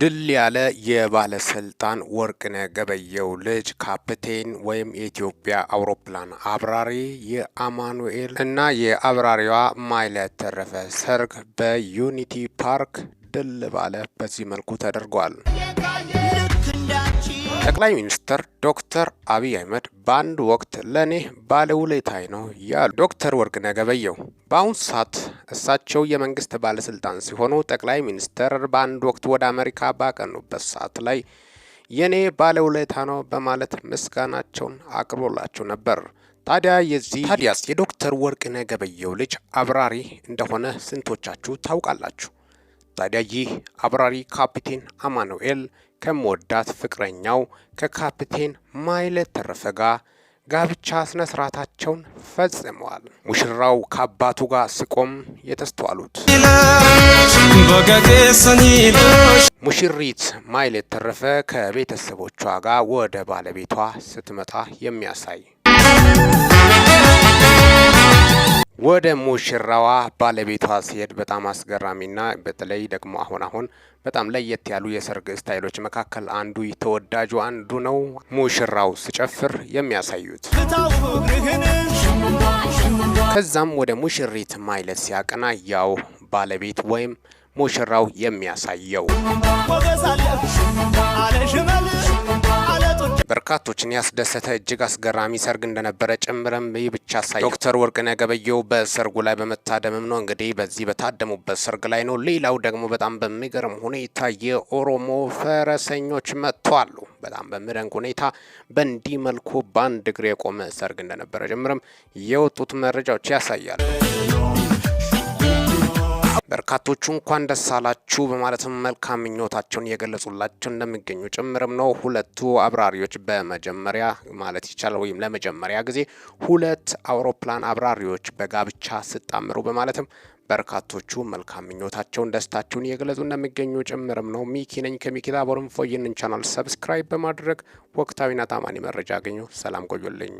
ድል ያለ የባለስልጣን ወርቅነህ ገበየሁ ልጅ ካፕቴን ወይም የኢትዮጵያ አውሮፕላን አብራሪ የአማኑኤል እና የአብራሪዋ ማይለት ተረፈ ሰርግ በዩኒቲ ፓርክ ድል ባለ በዚህ መልኩ ተደርጓል። ጠቅላይ ሚኒስትር ዶክተር አብይ አህመድ በአንድ ወቅት ለእኔ ባለውለታዬ ነው ያሉ ዶክተር ወርቅነህ ገበየሁ በአሁኑ ሰዓት እሳቸው የመንግስት ባለስልጣን ሲሆኑ ጠቅላይ ሚኒስትር በአንድ ወቅት ወደ አሜሪካ ባቀኑበት ሰዓት ላይ የእኔ ባለውለታ ነው በማለት ምስጋናቸውን አቅርቦላቸው ነበር። ታዲያ የዚህ ታዲያስ የዶክተር ወርቅነህ ገበየሁ ልጅ አብራሪ እንደሆነ ስንቶቻችሁ ታውቃላችሁ? ታዲያ ይህ አብራሪ ካፒቴን አማኑኤል ከምወዳት ፍቅረኛው ከካፕቴን ማይለ ተረፈ ጋር ጋብቻ ስነ ስርዓታቸውን ፈጽመዋል። ሙሽራው ከአባቱ ጋር ሲቆም የተስተዋሉት ሙሽሪት ማይሌት ተረፈ ከቤተሰቦቿ ጋር ወደ ባለቤቷ ስትመጣ የሚያሳይ ወደ ሙሽራዋ ባለቤቷ ሲሄድ በጣም አስገራሚና በተለይ ደግሞ አሁን አሁን በጣም ለየት ያሉ የሰርግ ስታይሎች መካከል አንዱ ተወዳጁ አንዱ ነው። ሙሽራው ስጨፍር የሚያሳዩት ከዛም ወደ ሙሽሪት ማይለት ሲያቀና ያው ባለቤት ወይም ሙሽራው የሚያሳየው በርካቶችን ያስደሰተ እጅግ አስገራሚ ሰርግ እንደነበረ ጭምርም ይህ ብቻ ሳይ ዶክተር ወርቅነህ ገበየሁ በሰርጉ ላይ በመታደምም ነው እንግዲህ በዚህ በታደሙበት ሰርግ ላይ ነው። ሌላው ደግሞ በጣም በሚገርም ሁኔታ የኦሮሞ ፈረሰኞች መጥተዋሉ። በጣም በሚደንቅ ሁኔታ በእንዲህ መልኩ በአንድ እግር የቆመ ሰርግ እንደነበረ ጭምርም የወጡት መረጃዎች ያሳያሉ። በርካቶቹ እንኳን ደስ አላችሁ በማለትም መልካም ምኞታቸውን እየገለጹላቸው እንደሚገኙ ጭምርም ነው። ሁለቱ አብራሪዎች በመጀመሪያ ማለት ይቻላል ወይም ለመጀመሪያ ጊዜ ሁለት አውሮፕላን አብራሪዎች በጋብቻ ስጣምሩ በማለትም በርካቶቹ መልካም ምኞታቸውን ደስታቸውን እየገለጹ እንደሚገኙ ጭምርም ነው። ሚኪ ነኝ ከሚኪታ ቦርንፎ። ይህንን ቻናል ሰብስክራይብ በማድረግ ወቅታዊና ታማኒ መረጃ አገኙ። ሰላም ቆዩልኝ።